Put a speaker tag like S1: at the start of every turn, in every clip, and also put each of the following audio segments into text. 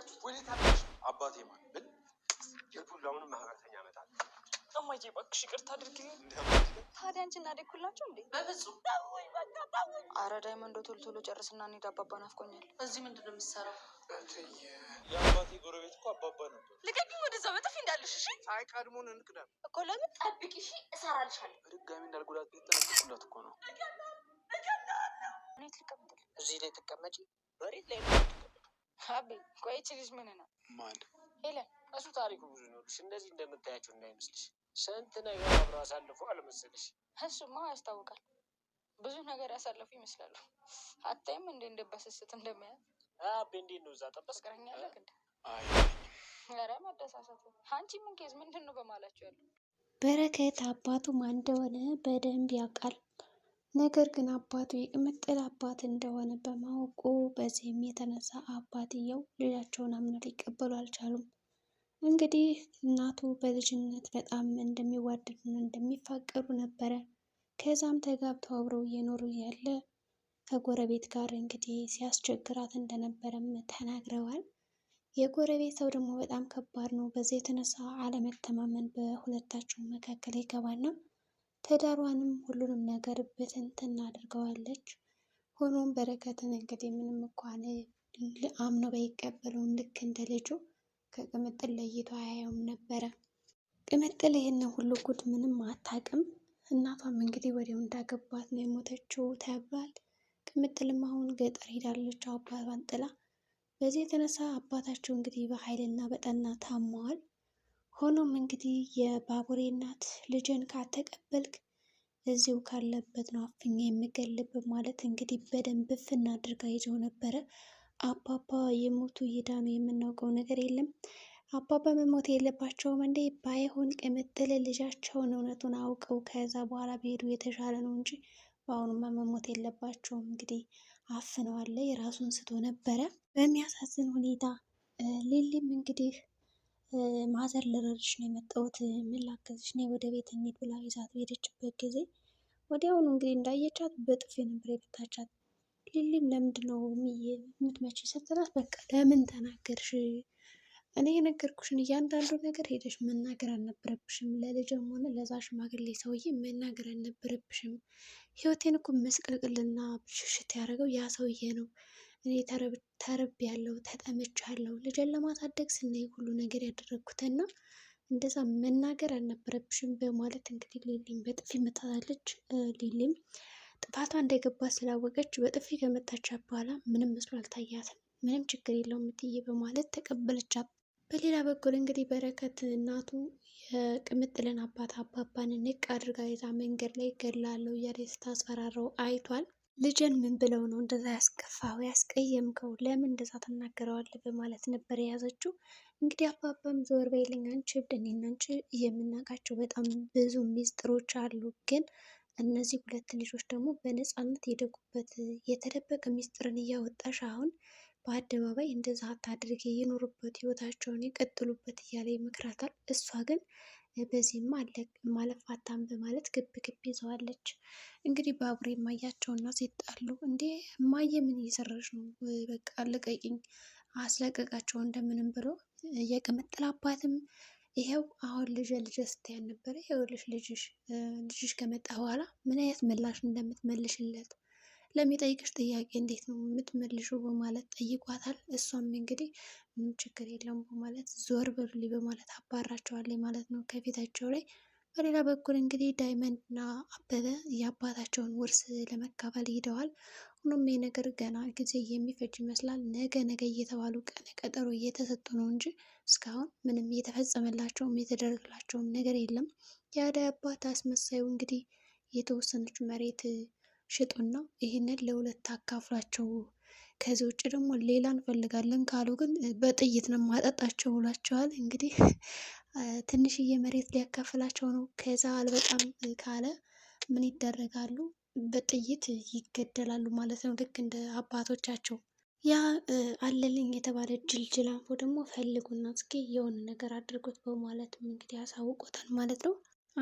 S1: ያመጣችሁት? ወዴት አለሽ? አባቴ ማለት ብል የኩሉ አሁንም ማህበረተኛ ያመጣል። እማዬ እባክሽ ይቅርታ አድርጊልኝ። ታዲያ አንቺ እና ዴ ኩላችሁ እንዴ? በፍጹም ኧረ ዳይመንዶ ቶሎ ቶሎ ጨርስና እንሂድ። አባባ ናፍቆኛል። እዚህ ምንድን ነው የምትሰራው? የአባቴ ጎረቤት እኮ አባባ ነበር። ልቀቂ ወደዛ በጥፊ እንዳልሽ። እሺ አይ ቀድሞን እንቅደም እኮ ለምን ጠብቂ። እሺ እሰራልሻለሁ። በድጋሚ እንዳልጎዳት የተጠነቀቅኩላት እኮ ነው። እዚህ ላይ ተቀመጪ መሬት ላይ ነው አቤ ቆይ ይቺ ልጅ ምን ነው ማን ሄለን? እሱ ታሪኩ ብዙ ይኖርሽ፣ እንደዚህ እንደምታያቸው እንዳይመስልሽ። ስንት ነገር አብረ አሳልፎ አልመሰለሽ? እሱማ ያስታውቃል። ብዙ ነገር ያሳለፉ ይመስላሉ። አታይም እንዴ እንደበስስት እንደሚያ አቤ፣ እንዴት ነው እዛ ጠበስ ቀረኛለህ? እንደ ኧረ መደሳሳት አንቺ ምን ኬዝ ምንድን ነው በማላቸው ያለው በረከት አባቱ ማን እንደሆነ በደንብ ያውቃል። ነገር ግን አባቱ የቅምጥል አባት እንደሆነ በማወቁ በዚህም የተነሳ አባትየው ልጃቸውን አምነው ሊቀበሉ አልቻሉም። እንግዲህ እናቱ በልጅነት በጣም እንደሚዋደዱና እንደሚፋቀሩ ነበረ። ከዛም ተጋብተው አብረው እየኖሩ ያለ ከጎረቤት ጋር እንግዲህ ሲያስቸግራት እንደነበረም ተናግረዋል። የጎረቤት ሰው ደግሞ በጣም ከባድ ነው። በዚህ የተነሳ አለመተማመን በሁለታቸው መካከል ይገባና ትዳሯንም ሁሉንም ነገር ብትንትን አድርገዋለች። ሆኖም በረከትን እንግዲህ ምንም እንኳን አምኖ ባይቀበለውም ልክ እንደ ልጁ ከቅምጥል ለይቶ አያየውም ነበረ። ቅምጥል ይህን ሁሉ ጉድ ምንም አታቅም። እናቷም እንግዲህ ወዲያው እንዳገባት ነው የሞተችው ተብሏል። ቅምጥልም አሁን ገጠር ሄዳለች አባቷን ጥላ። በዚህ የተነሳ አባታቸው እንግዲህ በኃይልና በጠና ታመዋል። ሆኖም እንግዲህ የባቡሬ እናት ልጅን ካልተቀበልክ እዚሁ ካለበት ነው አፍኛ የምገልብ ማለት እንግዲህ በደንብ ፍና አድርጋ ይዘው ነበረ። አባባ የሞቱ ይዳኑ የምናውቀው ነገር የለም። አባባ መሞት የለባቸውም እንዴ? ባይሆን ቅምጥል ልጃቸውን እውነቱን አውቀው ከዛ በኋላ ቢሄዱ የተሻለ ነው እንጂ በአሁኑማ መሞት የለባቸውም። እንግዲህ አፍነዋለ የራሱን ስቶ ነበረ በሚያሳዝን ሁኔታ ሊሊም እንግዲህ ማዘር ልረድሽ ነው የመጣሁት፣ ምን ላገዝሽ ነው፣ ወደ ቤት እንሂድ ብላ ይዛት በሄደችበት ጊዜ ወዲያውኑ እንግዲህ እንዳየቻት በጥፊ ነበር የመታቻት። ሊሊም ለምንድን ነው የምትመቺ ስትላት፣ በቃ ለምን ተናገርሽ? እኔ የነገርኩሽን እያንዳንዱ ነገር ሄደሽ መናገር አልነበረብሽም። ለልጅም ሆነ ለዛ ሽማግሌ ሰውዬ መናገር አልነበረብሽም። ህይወቴን እኮ መስቀልቅልና ብልሽሽት ያደረገው ያ ሰውዬ ነው። እኔ ተርብ ያለው ተጠምቻ ያለው ልጄን ለማሳደግ ስናይ ሁሉ ነገር ያደረግኩትና እንደዛ መናገር አልነበረብሽም በማለት እንግዲህ ሊሊም በጥፊ መታታለች። ሊሊም ጥፋቷ እንደገባ ስላወቀች በጥፊ ከመታቻት በኋላ ምንም መስሎ አልታያትም። ምንም ችግር የለውም እትዬ በማለት ተቀበለቻ። በሌላ በኩል እንግዲህ በረከት እናቱ የቅምጥልን አባት አባባን ንቅ አድርጋ ይዛ መንገድ ላይ ገላለው እያለ ስታስፈራረው አይቷል። ልጅን ምን ብለው ነው እንደዛ ያስከፋው ያስቀየምከው? ለምን እንደዛ ትናገረዋለህ? በማለት ነበር የያዘችው። እንግዲህ አባባም ዞር በይልኝ አንቺ እብድ፣ እኔና አንቺ የምናውቃቸው በጣም ብዙ ሚስጥሮች አሉ፣ ግን እነዚህ ሁለት ልጆች ደግሞ በነፃነት የደጉበት የተደበቀ ሚስጥርን እያወጣሽ አሁን በአደባባይ እንደዛ አታድርጊ፣ የኖሩበት ህይወታቸውን ይቀጥሉበት እያለ ይመክራታል። እሷ ግን በዚህም ማለፋታም በማለት ግብ ግብ ይዘዋለች። እንግዲህ ባቡሬ እና ሲጣሉ እንዴ ማየ ምን እየሰራች ነው? በቃ ልቀቂኝ፣ አስለቀቃቸው እንደምንም ብሎ የቅምጥል አባትም አሁን ልጅ ልጅ ስትያን ነበረ ይኸውልሽ ልጅሽ ልጅሽ ከመጣ በኋላ ምን አይነት ምላሽ እንደምትመልሽለት ለሚጠይቅሽ ጥያቄ እንዴት ነው የምትመልሹ በማለት ጠይቋታል። እሷም እንግዲህ ምንም ችግር የለውም በማለት ዞር በሉልኝ በማለት አባራቸዋለች ማለት ነው ከፊታቸው ላይ። በሌላ በኩል እንግዲህ ዳይመንድ እና አበበ የአባታቸውን ውርስ ለመካፈል ሂደዋል። ሁሉም ይህ ነገር ገና ጊዜ የሚፈጅ ይመስላል። ነገ ነገ እየተባሉ ቀን ቀጠሮ እየተሰጡ ነው እንጂ እስካሁን ምንም እየተፈጸመላቸውም የተደረገላቸውም ነገር የለም። የአዳይ አባት አስመሳዩ እንግዲህ የተወሰነች መሬት ሽጡና ይህንን ለሁለት አካፍሏቸው ከዚህ ውጭ ደግሞ ሌላ እንፈልጋለን ካሉ ግን በጥይት ነው ማጠጣቸው ብሏቸዋል። እንግዲህ ትንሽዬ መሬት ሊያካፍላቸው ነው። ከዛ አልበጣም ካለ ምን ይደረጋሉ? በጥይት ይገደላሉ ማለት ነው። ልክ እንደ አባቶቻቸው። ያ አለልኝ የተባለ ጅልጅል ደግሞ ፈልጉና እስኪ የሆነ ነገር አድርጎት በማለትም እንግዲህ ያሳውቆታል ማለት ነው።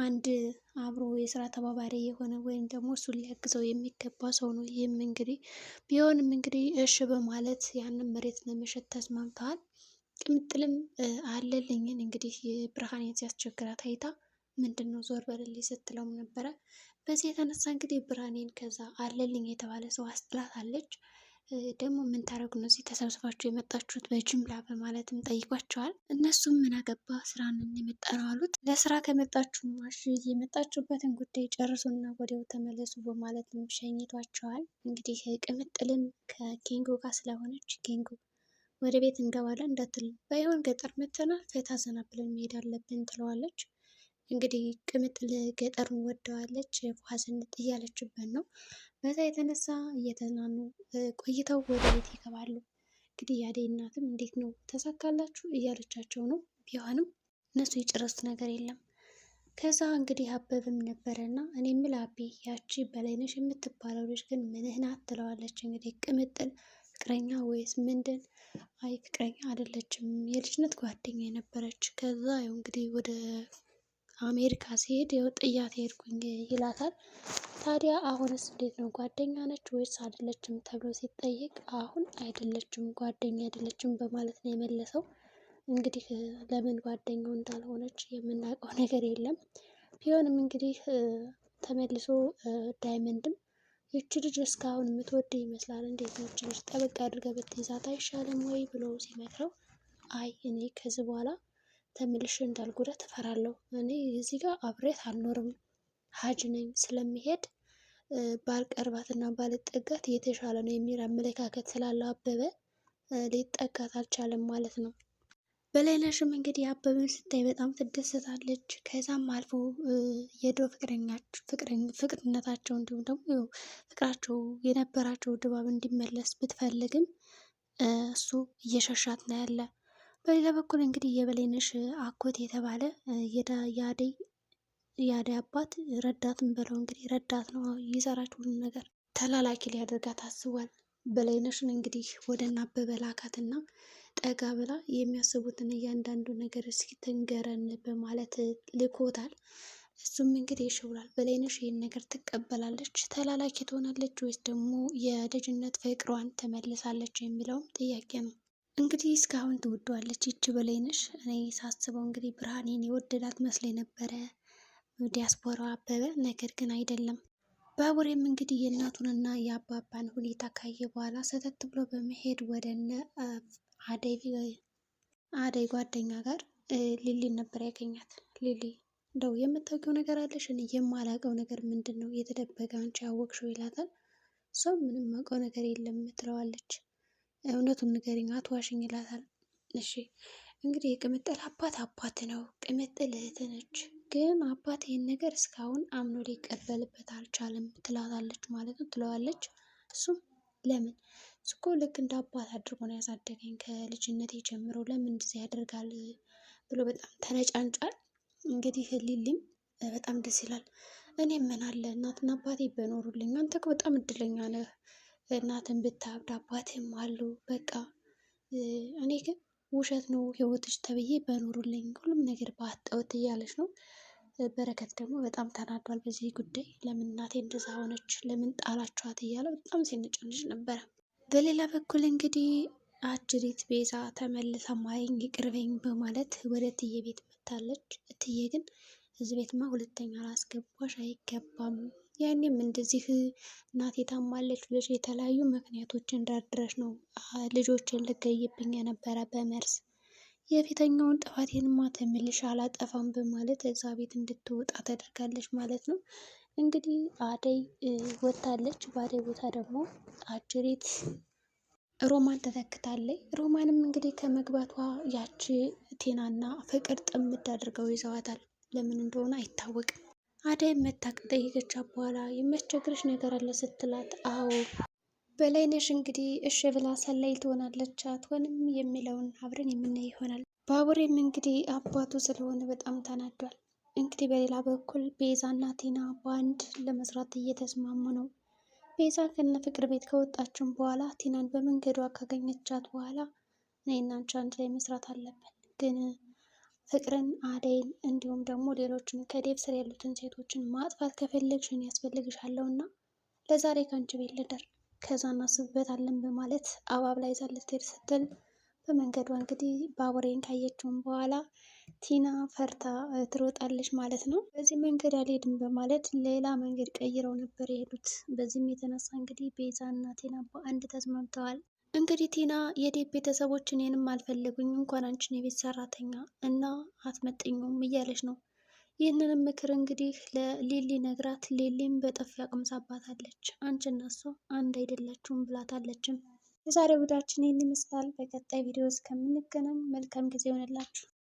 S1: አንድ አብሮ የስራ ተባባሪ የሆነ ወይም ደግሞ እሱን ሊያግዘው የሚገባ ሰው ነው። ይህም እንግዲህ ቢሆንም እንግዲህ እሺ በማለት ያንን መሬት ለመሸጥ ተስማምተዋል። ቅምጥልም አለልኝን እንግዲህ ብርሃኔን ሲያስቸግራት አይታ ምንድን ነው ዞር በልልኝ ስትለውም ነበረ። በዚህ የተነሳ እንግዲህ ብርሃኔን ከዛ አለልኝ የተባለ ሰው አስጥላታለች። ደግሞ ምን ታደረጉ ነው እዚህ ተሰብስባችሁ የመጣችሁት በጅምላ በማለትም ጠይቋቸዋል። እነሱም ምን አገባ ስራ ነው የመጣ ነው አሉት። ለስራ ከመጣችሁ ማሽ የመጣችሁበትን ጉዳይ ጨርሱና ወዲያው ተመለሱ በማለትም ሸኝቷቸዋል። እንግዲህ ቅምጥልም ከኬንጎ ጋር ስለሆነች ኬንጎ ወደ ቤት እንገባለን እንዳትል፣ ባይሆን ገጠር መተናል ፈታ ዘና ብለን መሄድ አለብን ትለዋለች። እንግዲህ ቅምጥል ገጠሩን ወደዋለች፣ ፏስንጥ እያለችበት ነው። በዛ የተነሳ እየተዝናኑ ቆይተው ወደ ቤት ይገባሉ። እንግዲህ የአደይ እናትም እንዴት ነው ተሳካላችሁ እያለቻቸው ነው። ቢሆንም እነሱ የጨረሱት ነገር የለም። ከዛ እንግዲህ አበብም ነበረ እና እኔ ምል አቤ ያቺ በላይነሽ የምትባለው ልጅ ግን ምንህ ናት ትለዋለች። እንግዲህ ቅምጥል ፍቅረኛ ወይስ ምንድን? አይ ፍቅረኛ አይደለችም የልጅነት ጓደኛ የነበረች። ከዛ ያው እንግዲህ ወደ አሜሪካ ሲሄድ ይኸው ጥያት ሄድኩኝ ይላታል። ታዲያ አሁንስ እንዴት ነው ጓደኛ ነች ወይስ አይደለችም ተብሎ ሲጠየቅ አሁን አይደለችም ጓደኛ አይደለችም በማለት ነው የመለሰው። እንግዲህ ለምን ጓደኛው እንዳልሆነች የምናውቀው ነገር የለም። ቢሆንም እንግዲህ ተመልሶ ዳይመንድም ይቺ ልጅ እስካሁን የምትወድ ይመስላል እንዴት ይቺ ልጅ ጠበቅ አድርገህ ብትይዛት አይሻልም ወይ ብሎ ሲመክረው አይ እኔ ከዚህ በኋላ ተመልሼ እንዳልጎዳ ትፈራለሁ። እኔ እዚህ ጋር አብሬት አልኖርም ሀጅ ነኝ ስለሚሄድ ባልቀርባት እና ባልጠጋት የተሻለ ነው የሚል አመለካከት ስላለው አበበ ሊጠጋት አልቻለም ማለት ነው። በላይነሽም እንግዲህ አበበን ስታይ በጣም ትደሰታለች። ከዛም አልፎ የድሮ ፍቅርነታቸው እንዲሁም ደግሞ ፍቅራቸው የነበራቸው ድባብ እንዲመለስ ብትፈልግም እሱ እየሸሻት ነው ያለ። በሌላ በኩል እንግዲህ የበላይነሽ አኮት የተባለ የአደይ የአደይ አባት ረዳትም በለው እንግዲህ ረዳት ነው ይሰራች ሁሉ ነገር ተላላኪ ሊያደርጋት አስቧል። በላይነሽን እንግዲህ ወደ እነ አበበ ላካት እና ጠጋ ብላ የሚያስቡትን እያንዳንዱ ነገር እስኪ ትንገረን በማለት ልኮታል። እሱም እንግዲህ እሺ ብሏል። በላይነሽ ይህን ነገር ትቀበላለች፣ ተላላኪ ትሆናለች ወይስ ደግሞ የልጅነት ፍቅሯን ትመልሳለች የሚለውም ጥያቄ ነው። እንግዲህ እስካሁን ትወደዋለች ይች በላይነሽ። እኔ ሳስበው እንግዲህ ብርሃኔን የወደዳት መስሎ ነበረ ዲያስፖራው አበበ፣ ነገር ግን አይደለም። ባቡሬም እንግዲህ የእናቱንና የአባባን ሁኔታ ካየ በኋላ ሰተት ብሎ በመሄድ ወደ እነ አደይ ጓደኛ ጋር ሊሊን ነበር ያገኛት። ሊሊ እንደው የምታውቂው ነገር አለሽ? እኔ የማላውቀው ነገር ምንድን ነው የተደበቀ አንቺ ያወቅሽው ይላታል። ሰው ምንም አውቀው ነገር የለም ትለዋለች። እውነቱን ንገሪኝ አትዋሽኝ ይላታል። እሺ እንግዲህ የቅምጥል አባት አባት ነው፣ ቅምጥል እህት ነች። ግን አባት ይህን ነገር እስካሁን አምኖ ሊቀበልበት አልቻለም ትላታለች ማለት ነው ትለዋለች። እሱም ለምን ስኮ ልክ እንደ አባት አድርጎ ነው ያሳደገኝ ከልጅነቴ ጀምሮ ለምን እንደዚህ ያደርጋል ብሎ በጣም ተነጫንጫል። እንግዲህ ሊሊም በጣም ደስ ይላል። እኔ ምን አለ እናትና አባቴ በኖሩልኝ፣ አንተ በጣም እድለኛ ነህ እናትን ብታብድ አባትም አሉ። በቃ እኔ ግን ውሸት ነው ህይወትሽ ተብዬ በኖሩልኝ ሁሉም ነገር ባጣሁት እያለች ነው። በረከት ደግሞ በጣም ተናዷል በዚህ ጉዳይ። ለምን እናቴ እንደዛ ሆነች? ለምን ጣላችኋት? እያለ በጣም ሲነጫነጭ ነበረ። በሌላ በኩል እንግዲህ አጅሪት ቤዛ ተመልሳ ማየኝ ይቅርበኝ በማለት ወደ እትዬ ቤት መታለች። እትዬ ግን እዚህ ቤትማ ሁለተኛ ላስገባሽ አይገባም ያኔም እንደዚህ እናቴ ታማለች ብለሽ የተለያዩ ምክንያቶች ደርድረሽ ነው ልጆችን ልገይብኝ የነበረ በመርዝ የፊተኛውን ጥፋቴንማ ተመልሼ አላጠፋም በማለት እዛ ቤት እንድትወጣ ተደርጋለች ማለት ነው። እንግዲህ አደይ ወታለች። በአደይ ቦታ ደግሞ አጅሬት ሮማን ተተክታለች። ሮማንም እንግዲህ ከመግባቷ ያቺ ቴናና ፍቅር ጥምድ አድርገው ይዘዋታል። ለምን እንደሆነ አይታወቅም። አደይ መታ ከጠየቀቻት በኋላ የሚያስቸግርሽ ነገር አለ ስትላት፣ አዎ በላይነሽ እንግዲህ እሽ ብላ ሰላይ ትሆናለች አትሆንም የሚለውን አብረን የምናይ ይሆናል። ባቡሬም እንግዲህ አባቱ ስለሆነ በጣም ተናዷል። እንግዲህ በሌላ በኩል ቤዛ እና ቲና በአንድ ለመስራት እየተስማሙ ነው። ቤዛ ከነ ፍቅር ቤት ከወጣችን በኋላ ቲናን በመንገዷ ካገኘቻት በኋላ እኔ እና አንቺ አንድ ላይ መስራት አለብን ግን ፍቅርን፣ አደይን እንዲሁም ደግሞ ሌሎችን ከዴብ ስር ያሉትን ሴቶችን ማጥፋት ከፈለግሽ እኔ ያስፈልግሻለሁ እና ለዛሬ ከአንቺ ቤት ልደር ከዛ እናስብበታለን በማለት ላይ ይዛ ልትሄድ ስትል በመንገዷ እንግዲህ ባቡሬን ካየችውን በኋላ ቲና ፈርታ ትሮጣለች ማለት ነው። በዚህ መንገድ አልሄድም በማለት ሌላ መንገድ ቀይረው ነበር የሄዱት። በዚህም የተነሳ እንግዲህ ቤዛ እና ቲና በአንድ ተስማምተዋል። እንግዲህ ቲና የዴብ ቤተሰቦች እኔንም አልፈለጉኝ እንኳን አንቺን የቤት ሰራተኛ እና አትመጥኙም እያለች ነው። ይህንንም ምክር እንግዲህ ለሊሊ ነግራት፣ ሊሊም በጥፊ አቅምሳባታለች። አንቺ እና እሷ አንድ አይደላችሁም ብላታለችም። የዛሬው ቪዲዮአችን ይህን ይመስላል። በቀጣይ ቪዲዮ እስከምንገናኝ መልካም ጊዜ ይሆንላችሁ።